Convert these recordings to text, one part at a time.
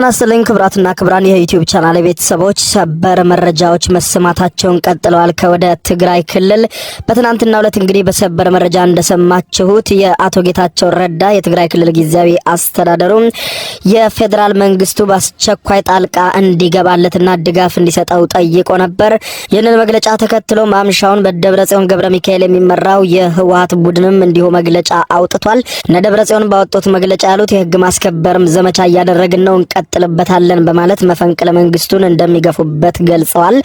እናስልኝ ክብራትና ክብራን የዩቲዩብ ቻናል ቤተሰቦች ሰበር መረጃዎች መሰማታቸውን ቀጥለዋል። ከወደ ትግራይ ክልል በትናንትናው ሁለት እንግዲህ በሰበር መረጃ እንደሰማችሁት የአቶ ጌታቸው ረዳ የትግራይ ክልል ጊዜያዊ አስተዳደሩ የፌዴራል መንግስቱ በአስቸኳይ ጣልቃ እንዲገባለትና ድጋፍ እንዲሰጠው ጠይቆ ነበር። ይህንን መግለጫ ተከትሎ ማምሻውን በደብረጽዮን ገብረ ሚካኤል የሚመራው የህወሀት ቡድንም እንዲሁ መግለጫ አውጥቷል። እነ ደብረጽዮን ባወጡት መግለጫ ያሉት የህግ ማስከበርም ዘመቻ እያደረግን ነው እንቀጥልበታለን በማለት መፈንቅለ መንግስቱን እንደሚገፉበት ገልጸዋል።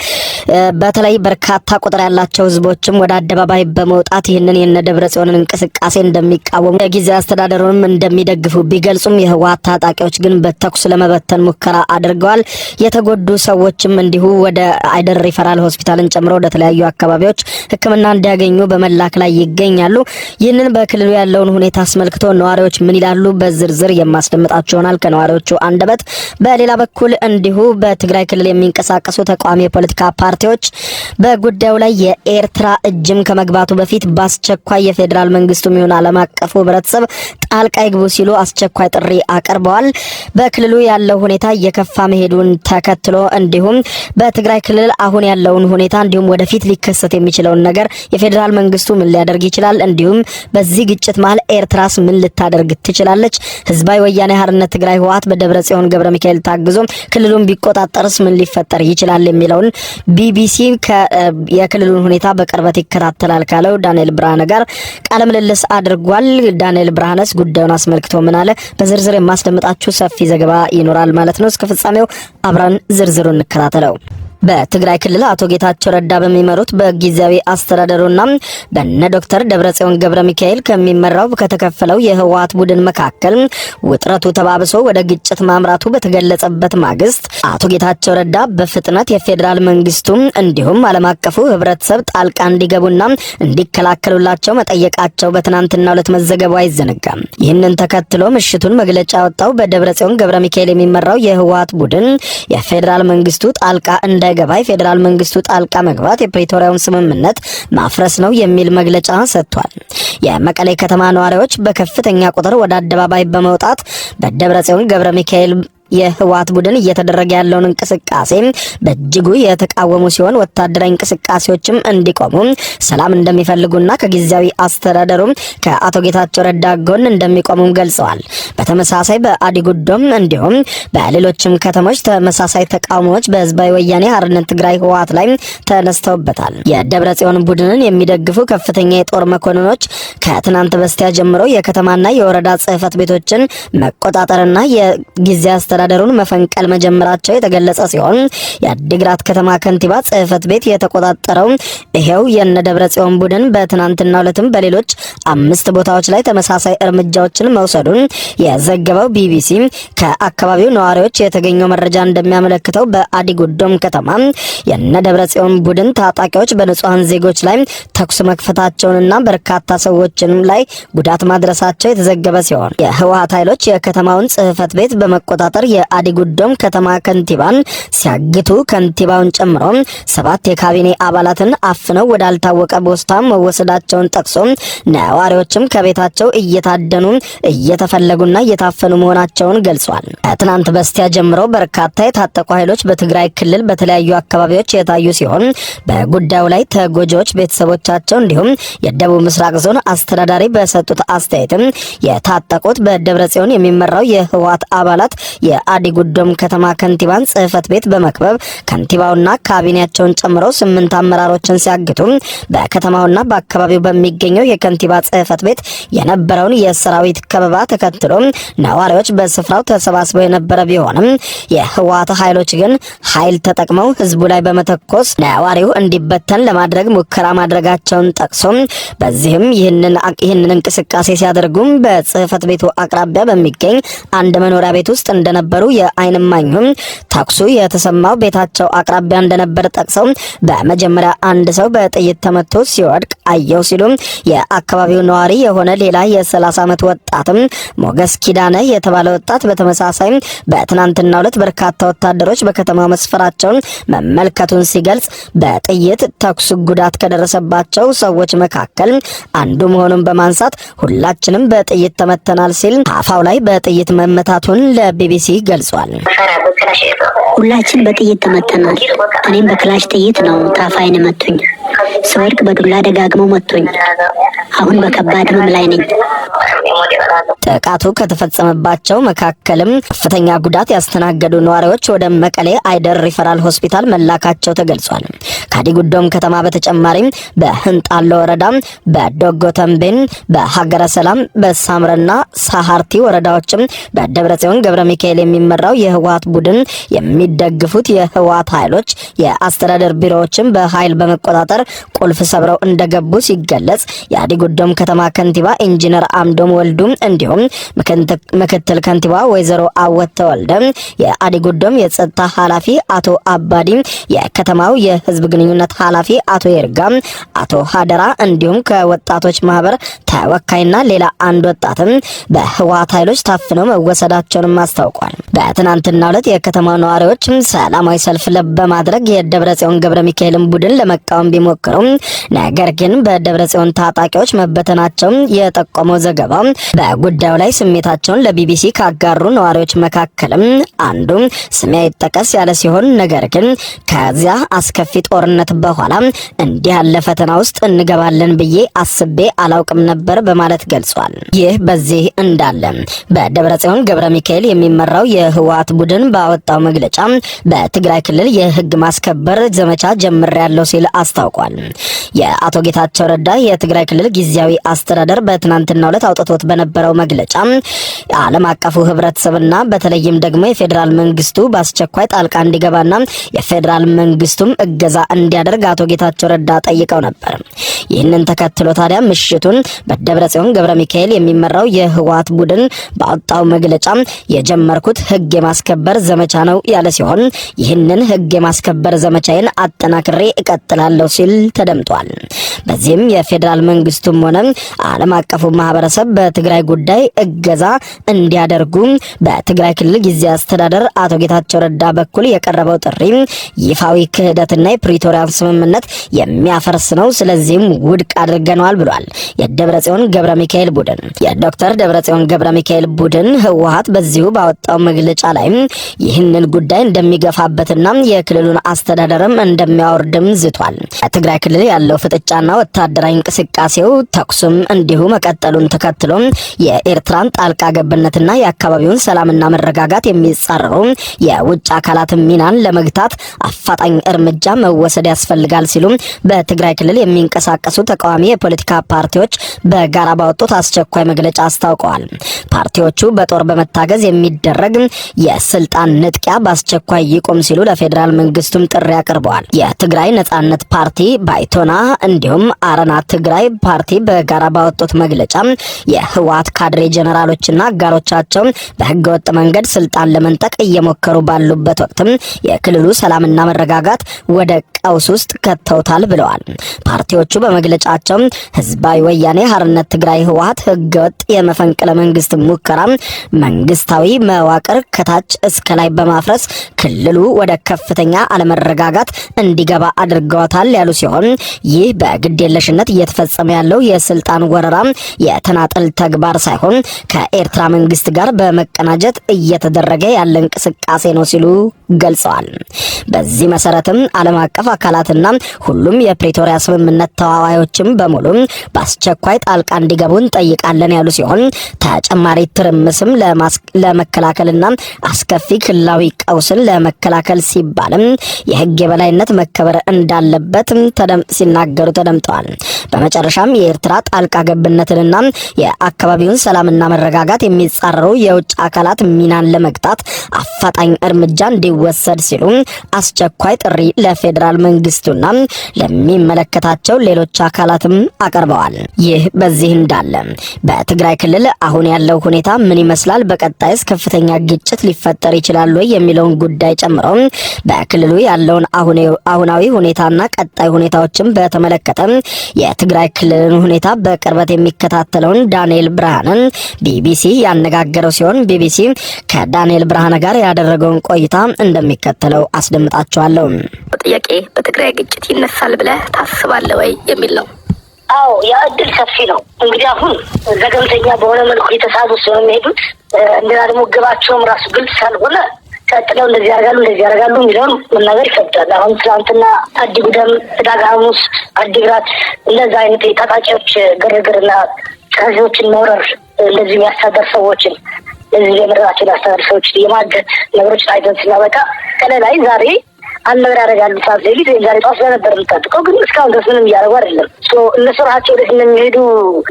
በተለይ በርካታ ቁጥር ያላቸው ህዝቦችም ወደ አደባባይ በመውጣት ይህንን የነ ደብረ ጽዮንን እንቅስቃሴ እንደሚቃወሙ የጊዜ አስተዳደሩንም እንደሚደግፉ ቢገልጹም የህወሀት ታጣቂዎች ግን በተኩስ ለመበተን ሙከራ አድርገዋል። የተጎዱ ሰዎችም እንዲሁ ወደ አይደር ሪፈራል ሆስፒታልን ጨምሮ ወደ ተለያዩ አካባቢዎች ሕክምና እንዲያገኙ በመላክ ላይ ይገኛሉ። ይህንን በክልሉ ያለውን ሁኔታ አስመልክቶ ነዋሪዎች ምን ይላሉ? በዝርዝር የማስደምጣቸው ይሆናል ከነዋሪዎቹ አንደበት። በሌላ በኩል እንዲሁ በትግራይ ክልል የሚንቀሳቀሱ ተቃዋሚ የፖለቲካ ፓርቲዎች በጉዳዩ ላይ የኤርትራ እጅም ከመግባቱ በፊት በአስቸኳይ የፌዴራል መንግስቱ የሚሆን ዓለም አቀፉ ህብረተሰብ ጣልቃ ይግቡ ሲሉ አስቸኳይ ጥሪ አቅርበዋል። በክልሉ ያለው ሁኔታ እየከፋ መሄዱን ተከትሎ እንዲሁም በትግራይ ክልል አሁን ያለውን ሁኔታ እንዲሁም ወደፊት ሊከሰት የሚችለውን ነገር የፌዴራል መንግስቱ ምን ሊያደርግ ይችላል፣ እንዲሁም በዚህ ግጭት መሀል ኤርትራስ ምን ልታደርግ ትችላለች፣ ህዝባዊ ወያኔ ሀርነት ትግራይ ህወሓት በደብረ ጽዮን ገብረ ሚካኤል ታግዞ ክልሉን ቢቆጣጠርስ ምን ሊፈጠር ይችላል የሚለውን ቢቢሲ የክልሉን ሁኔታ በቅርበት ይከታተላል ካለው ዳንኤል ብርሃነ ጋር ቃለ ምልልስ አድርጓል። ዳንኤል ብርሃነስ ጉዳዩን አስመልክቶ ምን አለ? በዝርዝር የማስደምጣችሁ ሰፊ ዘገባ ይኖራል ማለት ነው። እስከ ፍጻሜው አብረን ዝርዝሩ እንከታተለው። በትግራይ ክልል አቶ ጌታቸው ረዳ በሚመሩት በጊዜያዊ አስተዳደሩና በነ ዶክተር ደብረጽዮን ገብረ ሚካኤል ከሚመራው ከተከፈለው የህወሀት ቡድን መካከል ውጥረቱ ተባብሶ ወደ ግጭት ማምራቱ በተገለጸበት ማግስት አቶ ጌታቸው ረዳ በፍጥነት የፌዴራል መንግስቱ እንዲሁም ዓለም አቀፉ ህብረተሰብ ጣልቃ እንዲገቡና እንዲከላከሉላቸው መጠየቃቸው በትናንትና ሁለት መዘገቡ አይዘነጋም። ይህንን ተከትሎ ምሽቱን መግለጫ ያወጣው በደብረጽዮን ገብረ ሚካኤል የሚመራው የህወሀት ቡድን የፌዴራል መንግስቱ ጣልቃ እንዳ እንዳይገባ የፌዴራል መንግስቱ ጣልቃ መግባት የፕሪቶሪያውን ስምምነት ማፍረስ ነው የሚል መግለጫ ሰጥቷል። የመቀሌ ከተማ ነዋሪዎች በከፍተኛ ቁጥር ወደ አደባባይ በመውጣት በደብረ ጽዮን ገብረ ሚካኤል የህወሓት ቡድን እየተደረገ ያለውን እንቅስቃሴ በእጅጉ የተቃወሙ ሲሆን ወታደራዊ እንቅስቃሴዎችም እንዲቆሙ ሰላም እንደሚፈልጉና ከጊዜያዊ አስተዳደሩም ከአቶ ጌታቸው ረዳ ጎን እንደሚቆሙም ገልጸዋል። በተመሳሳይ በአዲጉዶም እንዲሁም በሌሎችም ከተሞች ተመሳሳይ ተቃውሞዎች በህዝባዊ ወያኔ ሓርነት ትግራይ ህወሓት ላይ ተነስተውበታል። የደብረ ጽዮን ቡድንን የሚደግፉ ከፍተኛ የጦር መኮንኖች ከትናንት በስቲያ ጀምሮ የከተማና የወረዳ ጽህፈት ቤቶችን መቆጣጠርና የጊዜ አስተዳደሩን መፈንቀል መጀመራቸው የተገለጸ ሲሆን የአዲግራት ከተማ ከንቲባ ጽህፈት ቤት የተቆጣጠረው ይሄው የነ ደብረ ጽዮን ቡድን በትናንትናው ዕለትም በሌሎች አምስት ቦታዎች ላይ ተመሳሳይ እርምጃዎችን መውሰዱን የዘገበው ቢቢሲ ከአካባቢው ነዋሪዎች የተገኘው መረጃ እንደሚያመለክተው በአዲጉዶም ከተማ የነ ደብረ ጽዮን ቡድን ታጣቂዎች በንጹሐን ዜጎች ላይ ተኩስ መክፈታቸውንና በርካታ ሰዎችንም ላይ ጉዳት ማድረሳቸው የተዘገበ ሲሆን የህወሀት ኃይሎች የከተማውን ጽህፈት ቤት በመቆጣጠር የአዲጉዶም ከተማ ከንቲባን ሲያግቱ ከንቲባውን ጨምሮ ሰባት የካቢኔ አባላትን አፍነው ወዳልታወቀ ቦስታ መወሰዳቸውን ጠቅሶ ነዋሪዎችም ከቤታቸው እየታደኑ እየተፈለጉና እየታፈኑ መሆናቸውን ገልጿል። ከትናንት በስቲያ ጀምሮ በርካታ የታጠቁ ኃይሎች በትግራይ ክልል በተለያዩ አካባቢዎች የታዩ ሲሆን በጉዳዩ ላይ ተጎጂዎች ቤተሰቦቻቸው እንዲሁም የደቡብ ምስራቅ ዞን አስተዳዳሪ በሰጡት አስተያየትም የታጠቁት በደብረ ጽዮን የሚመራው የህወሓት አባላት ጉዶም ከተማ ከንቲባን ጽህፈት ቤት በመክበብ ከንቲባውና ካቢኔያቸውን ጨምሮ ስምንት አመራሮችን ሲያግቱ በከተማውና በአካባቢው በሚገኘው የከንቲባ ጽህፈት ቤት የነበረውን የሰራዊት ከበባ ተከትሎ ነዋሪዎች በስፍራው ተሰባስበው የነበረ ቢሆንም የህወሓት ኃይሎች ግን ኃይል ተጠቅመው ህዝቡ ላይ በመተኮስ ነዋሪው እንዲበተን ለማድረግ ሙከራ ማድረጋቸውን ጠቅሶ በዚህም ይህንን እንቅስቃሴ ሲያደርጉም በጽህፈት ቤቱ አቅራቢያ በሚገኝ አንድ መኖሪያ ቤት ውስጥ እንደነበ የነበሩ የአይን እማኙም ተኩሱ የተሰማው ቤታቸው አቅራቢያ እንደነበር ጠቅሰው በመጀመሪያ አንድ ሰው በጥይት ተመቶ ሲወድቅ አየው ሲሉ የአካባቢው ነዋሪ የሆነ ሌላ የ30 ዓመት ወጣትም ሞገስ ኪዳነ የተባለ ወጣት በተመሳሳይ በትናንትናው ዕለት በርካታ ወታደሮች በከተማው መስፈራቸውን መመልከቱን ሲገልጽ በጥይት ተኩስ ጉዳት ከደረሰባቸው ሰዎች መካከል አንዱ መሆኑን በማንሳት ሁላችንም በጥይት ተመተናል ሲል አፋው ላይ በጥይት መመታቱን ለቢቢሲ ገልጿል። ሁላችን በጥይት ተመተናል። እኔም በክላሽ ጥይት ነው ታፋይን መቱኝ። ስወድቅ በዱላ ደጋግመው መቱኝ። አሁን በከባድ ህመም ላይ ነኝ። ጥቃቱ ከተፈጸመባቸው መካከልም ከፍተኛ ጉዳት ያስተናገዱ ነዋሪዎች ወደ መቀሌ አይደር ሪፈራል ሆስፒታል መላካቸው ተገልጿል። ከዲጉዶም ከተማ በተጨማሪም በህንጣሎ ወረዳ፣ በዶጎተምቤን፣ በሀገረ ሰላም፣ በሳምረና ሳሃርቲ ወረዳዎችም በደብረጽዮን ገብረ ሚካኤል የሚመራው የህወሀት ቡድን የሚደግፉት የህወሀት ኃይሎች የአስተዳደር ቢሮዎችን በኃይል በመቆጣጠር ቁልፍ ሰብረው እንደገቡ ሲገለጽ የአዲጉዶም ከተማ ከንቲባ ኢንጂነር አምዶም ወልዱ እንዲሁም ምክትል ከንቲባ ወይዘሮ አወት ተወልደ፣ የአዲጉዶም የጸጥታ ኃላፊ አቶ አባዲ፣ የከተማው የህዝብ ግንኙነት ኃላፊ አቶ የርጋ፣ አቶ ሀደራ እንዲሁም ከወጣቶች ማህበር ተወካይና ሌላ አንድ ወጣትም በህወሀት ኃይሎች ታፍነው መወሰዳቸውንም አስታውቋል። በትናንትናው ዕለት የከተማ ነዋሪዎች ሰላማዊ ሰልፍ በማድረግ የደብረ ጽዮን ገብረ ሚካኤልን ቡድን ለመቃወም ቢሞክሩም ነገር ግን በደብረ ጽዮን ታጣቂዎች መበተናቸው የጠቆመው ዘገባ በጉዳዩ ላይ ስሜታቸውን ለቢቢሲ ካጋሩ ነዋሪዎች መካከልም አንዱ ስሜ አይጠቀስ ያለ ሲሆን ነገር ግን ከዚያ አስከፊ ጦርነት በኋላ እንዲህ ያለ ፈተና ውስጥ እንገባለን ብዬ አስቤ አላውቅም ነበር በማለት ገልጿል። ይህ በዚህ እንዳለ በደብረ ጽዮን ገብረ ሚካኤል የሚመራው የህወሓት ቡድን ባወጣው መግለጫ በትግራይ ክልል የህግ ማስከበር ዘመቻ ጀምር ያለው ሲል አስታውቋል። የአቶ ጌታቸው ረዳ የትግራይ ክልል ጊዜያዊ አስተዳደር በትናንትናው ዕለት አውጥቶት በነበረው መግለጫ ዓለም አቀፉ ህብረተሰብና በተለይም ደግሞ የፌዴራል መንግስቱ በአስቸኳይ ጣልቃ እንዲገባና የፌዴራል መንግስቱም እገዛ እንዲያደርግ አቶ ጌታቸው ረዳ ጠይቀው ነበር። ይህንን ተከትሎ ታዲያ ምሽቱን በደብረ ጽዮን ገብረ ሚካኤል የሚመራው የህወሓት ቡድን ባወጣው መግለጫ የጀመርኩት ህግ የማስከበር ዘመቻ ነው ያለ ሲሆን ይህንን ህግ የማስከበር ዘመቻዬን አጠናክሬ እቀጥላለሁ ሲል ተደምጧል። በዚህም የፌዴራል መንግስቱም ሆነ ዓለም አቀፉ ማህበረሰብ በትግራይ ጉዳይ እገዛ እንዲያደርጉ በትግራይ ክልል ጊዜ አስተዳደር አቶ ጌታቸው ረዳ በኩል የቀረበው ጥሪ ይፋዊ ክህደትና የፕሪቶሪያን ስምምነት የሚያፈርስ ነው፣ ስለዚህም ውድቅ አድርገነዋል ብሏል። የደብረጽዮን ገብረ ሚካኤል ቡድን የዶክተር ደብረጽዮን ገብረ ሚካኤል ቡድን ህወሀት በዚሁ ባወጣው መግለጫ ላይ ይህንን ጉዳይ እንደሚገፋበትና የክልሉን አስተዳደርም እንደሚያወርድም ዝቷል። በትግራይ ክልል ያለው ፍጥጫና ወታደራዊ እንቅስቃሴው ተኩሱም እንዲሁ መቀጠሉን ተከትሎ ናቸው። የኤርትራን ጣልቃ ገብነትና የአካባቢውን ሰላምና መረጋጋት የሚጻረሩ የውጭ አካላትን ሚናን ለመግታት አፋጣኝ እርምጃ መወሰድ ያስፈልጋል ሲሉ በትግራይ ክልል የሚንቀሳቀሱ ተቃዋሚ የፖለቲካ ፓርቲዎች በጋራ ባወጡት አስቸኳይ መግለጫ አስታውቀዋል። ፓርቲዎቹ በጦር በመታገዝ የሚደረግ የስልጣን ንጥቂያ በአስቸኳይ ይቁም ሲሉ ለፌዴራል መንግስቱም ጥሪ አቅርበዋል። የትግራይ ነጻነት ፓርቲ ባይቶና፣ እንዲሁም አረና ትግራይ ፓርቲ በጋራ ባወጡት መግለጫ የህወሓት ካድሬ ጀነራሎችና አጋሮቻቸው በህገወጥ መንገድ ስልጣን ለመንጠቅ እየሞከሩ ባሉበት ወቅትም የክልሉ ሰላምና መረጋጋት ወደ ቀውስ ውስጥ ከተውታል ብለዋል። ፓርቲዎቹ በመግለጫቸው ህዝባዊ ወያኔ ሀርነት ትግራይ ህወሀት ህገወጥ የመፈንቅለ መንግስት ሙከራ መንግስታዊ መዋቅር ከታች እስከ ላይ በማፍረስ ክልሉ ወደ ከፍተኛ አለመረጋጋት እንዲገባ አድርገዋታል ያሉ ሲሆን ይህ በግዴለሽነት እየተፈጸመ ያለው የስልጣን ወረራ የተናጠል ተግባር ሳይሆን ከኤርትራ መንግስት ጋር በመቀናጀት እየተደረገ ያለ እንቅስቃሴ ነው ሲሉ ገልጸዋል። በዚህ መሰረትም ዓለም አቀፍ አቀፍ አካላትና ሁሉም የፕሪቶሪያ ስምምነት ተዋዋዮችም በሙሉ በአስቸኳይ ጣልቃ እንዲገቡ እንጠይቃለን ያሉ ሲሆን ተጨማሪ ትርምስም ለመከላከልና አስከፊ ክልላዊ ቀውስን ለመከላከል ሲባልም የህግ የበላይነት መከበር እንዳለበት ሲናገሩ ተደምጠዋል። በመጨረሻም የኤርትራ ጣልቃ ገብነትንና የአካባቢውን ሰላምና መረጋጋት የሚጻረሩ የውጭ አካላት ሚናን ለመግታት አፋጣኝ እርምጃ እንዲወሰድ ሲሉ አስቸኳይ ጥሪ ለፌዴራል ለፌዴራል መንግስቱና ለሚመለከታቸው ሌሎች አካላትም አቀርበዋል። ይህ በዚህ እንዳለ በትግራይ ክልል አሁን ያለው ሁኔታ ምን ይመስላል፣ በቀጣይስ ከፍተኛ ግጭት ሊፈጠር ይችላል ወይ የሚለውን ጉዳይ ጨምሮ በክልሉ ያለውን አሁናዊ ሁኔታና ቀጣይ ሁኔታዎችን በተመለከተ የትግራይ ክልልን ሁኔታ በቅርበት የሚከታተለውን ዳንኤል ብርሃንን ቢቢሲ ያነጋገረው ሲሆን ቢቢሲ ከዳንኤል ብርሃነ ጋር ያደረገውን ቆይታ እንደሚከተለው አስደምጣቸዋለሁ። ጥያቄ በትግራይ ግጭት ይነሳል ብለህ ታስባለህ ወይ የሚል ነው። አዎ ያ እድል ሰፊ ነው። እንግዲህ አሁን ዘገምተኛ በሆነ መልኩ የተሳቡ ሲሆን የሚሄዱት እንደና ደግሞ ግባቸውም ራሱ ግልጽ ሳልሆነ ቀጥለው እንደዚህ ያደርጋሉ እንደዚህ ያደርጋሉ የሚለውን መናገር ይከብዳል። አሁን ትናንትና አዲጉደም፣ ህዳግ ሐሙስ፣ አዲግራት እንደዛ አይነት የታጣቂዎች ግርግርና ህዝቦችን መውረር እንደዚህ የሚያስተዳደር ሰዎችን እዚህ የምድራቸውን ያስተዳደር ሰዎች የማገት ነገሮችን አይተን ስናበቃ ቀለላይ ዛሬ አንድ ነገር ያደርጋሉ። ሰዓት ሌሊት ወይም ዛሬ ጠዋት ስለነበር የምንጠብቀው ግን እስካሁን ድረስ ምንም እያደረጉ አይደለም። እነሱ ራሳቸው ወደፊት እንደሚሄዱ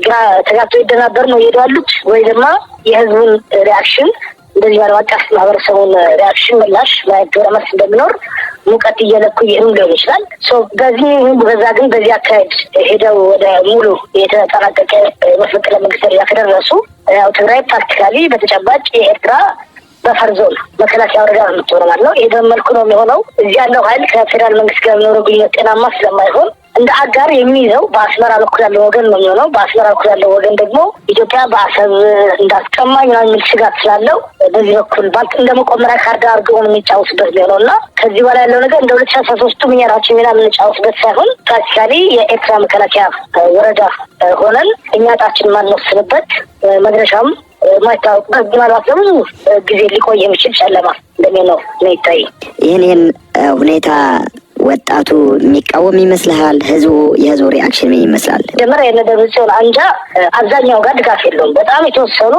ግራ ተጋብተው ይደናበር ነው ይሄዱ አሉት ወይ ደማ የህዝቡን ሪያክሽን እንደዚህ ዓለም አቀፍ ማህበረሰቡን ሪያክሽን ምላሽ ማየት ግብረ መልስ እንደሚኖር ሙቀት እየለኩ ይህም ሊሆን ይችላል። በዚህ በዛ ግን በዚህ አካሄድ ሄደው ወደ ሙሉ የተጠናቀቀ መፈንቅለ መንግስት ደረጃ ከደረሱ ያው ትግራይ ፕራክቲካሊ በተጨባጭ የኤርትራ በፈር ዞን መከላከያ ወረዳ ነው ማለት ነው። ይህ በመልኩ ነው የሚሆነው። እዚህ ያለው ኃይል ከፌዴራል መንግስት ጋር የሚኖረው ግንኙነት ጤናማ ስለማይሆን እንደ አጋር የሚይዘው በአስመራ በኩል ያለው ወገን ነው የሚሆነው። በአስመራ በኩል ያለው ወገን ደግሞ ኢትዮጵያ በአሰብ እንዳስቀማኝ ነው የሚል ስጋት ስላለው በዚህ በኩል ባል እንደ መቆመሪያ ካርድ አድርገው የሚጫወቱበት የሚሆነው እና ከዚህ በኋላ ያለው ነገር እንደ ሁለት ሺ አስራ ሶስቱ እኛ ራችን ሚና የምንጫወቱበት ሳይሆን ፕራክቲካሊ የኤርትራ መከላከያ ወረዳ ሆነን እኛ ጣችን ማንወስንበት መድረሻም ማስታወቅ ጊዜ ሊቆይ የሚችል ጨለማ እንደሚሆን ነው የሚታይ። ይህን ሁኔታ ወጣቱ የሚቃወም ይመስልሃል? ህዝቡ የህዝቡ ሪአክሽን ምን ይመስላል? ጀመር የነደብ ጽዮን አንጃ አብዛኛው ጋር ድጋፍ የለውም። በጣም የተወሰኑ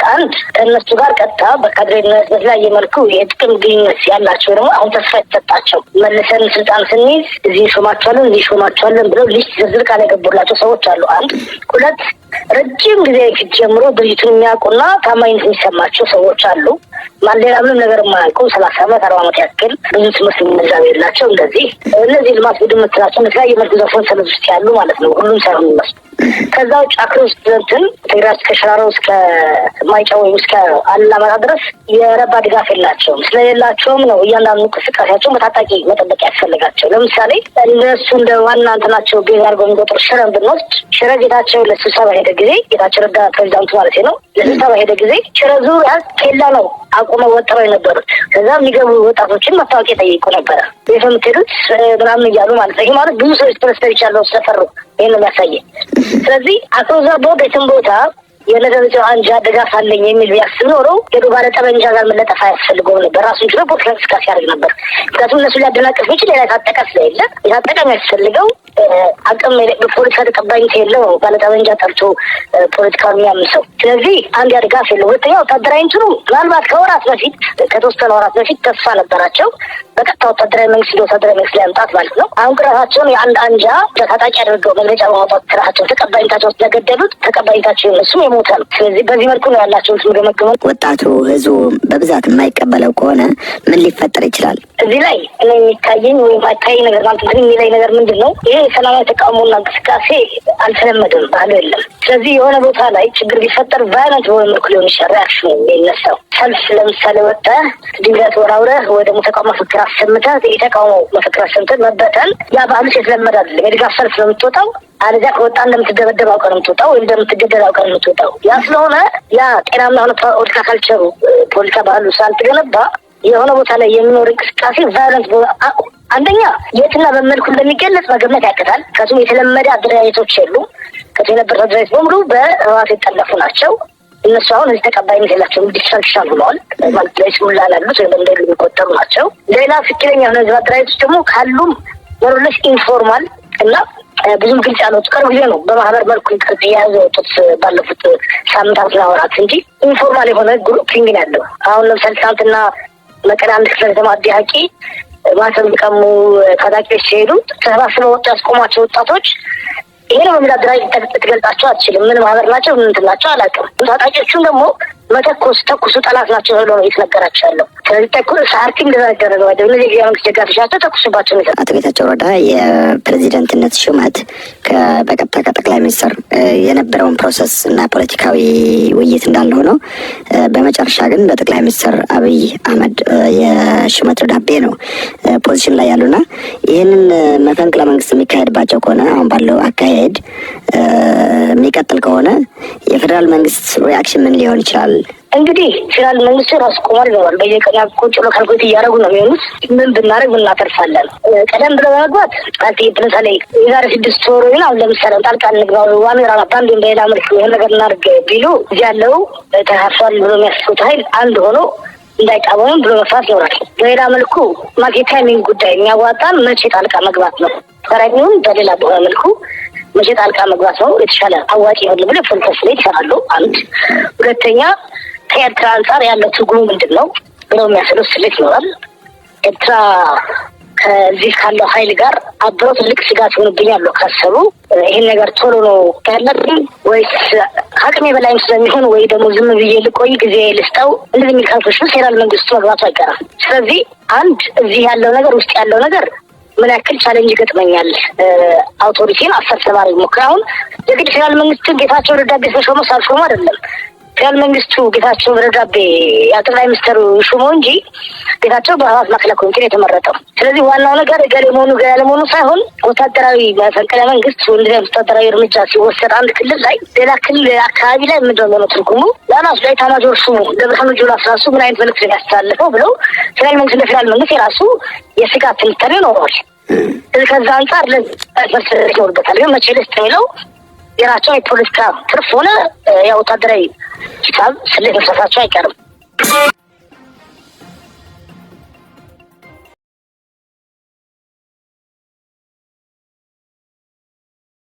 ባልት ከእነሱ ጋር ቀጥታ በካድሬነት በተለያየ መልኩ የጥቅም ግንኙነት ያላቸው ደግሞ አሁን ተስፋ የተሰጣቸው መልሰን ስልጣን ስንይዝ እዚህ ሾማቸዋለን እዚህ ሾማቸዋለን ብለው ሊስት ዝርዝር ቃል የገቡላቸው ሰዎች አሉ። አንድ ሁለት ረጅም ጊዜ ፊት ጀምሮ ድርጅቱን የሚያውቁና ታማኝነት የሚሰማቸው ሰዎች አሉ። ማንዴላ ምንም ነገር የማያውቁ ሰላሳ ዓመት አርባ ዓመት ያክል ብዙ ትምህርት የሚመዛብ የላቸው እንደዚህ እነዚህ ልማት ቡድን የምትላቸው በተለያየ መልኩ ዘፈን ሰነድ ውስጥ ያሉ ማለት ነው። ሁሉም ሰሩ የሚመስሉ ከዛ ውጭ አክሮ ስትዘንትን ትግራይ እስከ ሽራሮ እስከ ማይጫ ወይም እስከ አላማጣ ድረስ የረባ ድጋፍ የላቸውም። ስለሌላቸውም ነው እያንዳንዱ እንቅስቃሴያቸውን በታጣቂ መጠበቅ ያስፈልጋቸው። ለምሳሌ እነሱ እንደ ዋና እንትናቸው ቤዛ አድርገው የሚቆጥሩ ሽረን ብንወስድ ሽረ ጌታቸው ለስብሰባ በሄደ ጊዜ ጌታቸው ረዳ ፕሬዚዳንቱ ማለት ነው ለስልሳ በሄደ ጊዜ ሽረ ዙሪያ ኬላ ነው አቁመው ወጥረው የነበሩት። ከዛ የሚገቡ ወጣቶችን ማስታወቂያ ጠይቁ ነበረ ቤት የምትሄዱት ምናምን እያሉ ማለት ነው። ይህ ማለት ብዙ ሰዎች ተመስተር ይቻለው ሰፈሩ ይህን የሚያሳየ ስለዚህ አቶ ዛቦ ቤትን ቦታ የለገንዘብ አንጃ ድጋፍ አለኝ የሚል ቢያስብ ኖሮ ሄዶ ባለ ጠመንጃ ጋር መለጠፍ አያስፈልገውም ነበር። ራሱን ችሎ ፖለቲካ እንቅስቃሴ ያደርግ ነበር። ምክንያቱም እነሱ ሊያደናቅፍ የሚችል ሌላ የታጠቀ ስለሌለ የታጠቀ የሚያስፈልገው አቅም በፖለቲካ ተቀባይነት የለው ባለጠመንጃ ጠርቶ ፖለቲካ የሚያምን ሰው። ስለዚህ አንድ ያ ድጋፍ የለው። ሁለተኛ ወታደራዊ እንትኑ ምናልባት ከወራት በፊት ከተወሰነ ወራት በፊት ተስፋ ነበራቸው በቀጥታ ወታደራዊ መንግስት ሲል ወታደራዊ መንግስት ሊያምጣት ማለት ነው። አሁን ቅራታቸውን የአንድ አንጃ ታጣቂ አድርገው መግለጫ በማውጣት ተቀባይነታቸው ውስጥ ስለገደሉት ተቀባይነታቸው እሱም የሞተ ነው። ስለዚህ በዚህ መልኩ ነው ያላቸውን ስምገመግመ ወጣቱ ህዝቡ በብዛት የማይቀበለው ከሆነ ምን ሊፈጠር ይችላል? እዚህ ላይ እኔ የሚታየኝ ወይም አይታየኝ ነገር ማለት ግን የሚለኝ ነገር ምንድን ነው? ይሄ የሰላማዊ ተቃውሞና እንቅስቃሴ አልተለመደም አሉ የለም። ስለዚህ የሆነ ቦታ ላይ ችግር ሊፈጠር ቫይለንት በሆነ መልኩ ሊሆን ይችላል። ሪያክሽን የሚነሳው ሰልፍ ለምሳሌ ወጣ ድንጋይ ወራውረህ ወይ ደግሞ ተቃውሞ ፍክራ አሰምተ የተቃውሞ መፈክር አሰምተ መበተን ያ ባህልሽ የተለመደ አይደለም። የድጋፍ ሰልፍ ነው የምትወጣው። አለዚያ ከወጣ እንደምትደበደብ አውቀህ ነው የምትወጣው፣ ወይም እንደምትገደል አውቀህ ነው የምትወጣው። ያ ስለሆነ ያ ጤናማ የሆነ ፖለቲካ ካልቸሩ ፖለቲካ ባህሉ ሳልተገነባ የሆነ ቦታ ላይ የሚኖር እንቅስቃሴ ቫዮለንስ አንደኛ የትና በመልኩ እንደሚገለጽ መገመት ያቅታል። ከሱም የተለመደ አደረጃጀቶች የሉ ከሱ የነበሩ አደረጃጀት በሙሉ በህዋት የጠለፉ ናቸው። እነሱ አሁን እዚህ ተቀባይነት የላቸውም። ዲስፈንክሽን ብለዋል ማለት ለስሙላ ላሉት ወይም እንደ የሚቆጠሩ ናቸው። ሌላ ትክክለኛ ሆነ ህዝብ አደራጀቶች ደግሞ ካሉም ወሮለስ ኢንፎርማል እና ብዙም ግልጽ ያልወጡ ቅርብ ጊዜ ነው በማህበር መልኩ ቅርጽ የያዘ ወጡት ባለፉት ሳምንታት ሳምንታትና ወራት እንጂ ኢንፎርማል የሆነ ግሩፒንግ ያለው አሁን ለምሳሌ ትናንትና መቀሌ አንድ ክፍለ ከተማ አዲሃቂ ማተብ ቀሙ ታጣቂዎች ሲሄዱ ተሰባስበው ወጡ ያስቆሟቸው ወጣቶች ይሄ ነው በምን አደራጅ ልትገልጻቸው አትችልም። ምን ማህበር ናቸው ምን እንትን ናቸው አላውቅም። ታጣቂዎቹን ደግሞ መተኮስ ተኩሱ፣ ጠላት ናቸው ብሎ ነው የተነገራቸው ያለው። ስለዚህ ሰአርቲ እንደዛ ያደረገው እነዚህ ጊዜ መንግስት ደጋፊ ተኩሱባቸው ነው። አቶ ጌታቸው ረዳ የፕሬዚደንትነት ሹመት በቀጥታ ከጠቅላይ ሚኒስትር የነበረውን ፕሮሰስ እና ፖለቲካዊ ውይይት እንዳለ ሆኖ በመጨረሻ ግን በጠቅላይ ሚኒስትር አብይ አህመድ የሹመት ደብዳቤ ነው ፖዚሽን ላይ ያሉና ይህንን መፈንቅለ መንግስት የሚካሄድባቸው ከሆነ አሁን ባለው አካሄድ የሚቀጥል ከሆነ የፌዴራል መንግስት ሪአክሽን ምን ሊሆን ይችላል እንግዲህ ፌዴራል መንግስቱ ራሱ ቆሟል ብለዋል። በየቀን ቁጭ ብሎ ካልኩሌት እያደረጉ ነው የሚሆኑት። ምን ብናደርግ ምን እናተርፋለን? ቀደም ብለ በመግባት አንተ ለምሳሌ የዛሬ ስድስት ወር ግን አሁን ለምሳሌ ጣልቃ እንግባ ዋን ባንድ አንድ በሌላ መልክ የሆነ ነገር እናድርግ ቢሉ እዚህ ያለው ተሳሷል ብሎ የሚያስቡት ሀይል አንድ ሆኖ እንዳይጣበሙን ብሎ መፍራት ይኖራል። በሌላ መልኩ ማጌ የሚን ጉዳይ የሚያዋጣን መቼ ጣልቃ መግባት ነው ተረኙም በሌላ በሆነ መልኩ መቼ ጣልቃ መግባት ነው የተሻለ አዋጭ ይሆን ብለ ፍንተስ ላይ ይሰራሉ። አንድ ሁለተኛ ከኤርትራ አንጻር ያለው ትርጉሙ ምንድን ነው ብለው የሚያስለው ስሌት ይኖራል። ኤርትራ ከዚህ ካለው ኃይል ጋር አብረው ትልቅ ስጋት ሆንብኛል ብሎ ካሰቡ ይህን ነገር ቶሎ ነው ያለብን ወይስ አቅሜ በላይም ስለሚሆን ወይ ደግሞ ዝም ብዬ ልቆይ ጊዜ ልስጠው እንደዚህ የሚል ካልኩሽ ውስጥ መንግስቱ መግባቱ አይቀርም። ስለዚህ አንድ እዚህ ያለው ነገር ውስጥ ያለው ነገር ምን ያክል ቻለንጅ ይገጥመኛል። አውቶሪቲን አሰርት ለማድረግ ሞክር። አሁን የግድ ፌዴራል መንግስትን ጌታቸው ረዳ ተሾሞ ሳልሾሞ አይደለም ፌደራል መንግስቱ ጌታቸው በደብዳቤ ያው ጠቅላይ ሚኒስትሩ ሹሞ እንጂ ጌታቸው በህወሓት ማዕከላዊ ኮሚቴ የተመረጠው። ስለዚህ ዋናው ነገር እገሌ መሆኑ እገሌ ያለመሆኑ ሳይሆን ወታደራዊ መፈንቅለ መንግስት ወንድ ወታደራዊ እርምጃ ሲወሰድ አንድ ክልል ላይ ሌላ ክልል አካባቢ ላይ ምንድን ነው ትርጉሙ? ለራሱ ላይ ታማጆር ሹሙ ደብረሃም ጁላ ራሱ ምን አይነት መልክት ያስተላልፈው ብለው ፌደራል መንግስት እንደ ፌደራል መንግስት የራሱ የስጋት ትንታኔ ይኖረዋል። ከዛ አንጻር ለመስረት ይኖርበታል። ግን መቼ ደስ የሚለው የራቸው የፖለቲካ ትርፍ ሆነ የወታደራዊ ሂሳብ ስሌት መስራታቸው አይቀርም።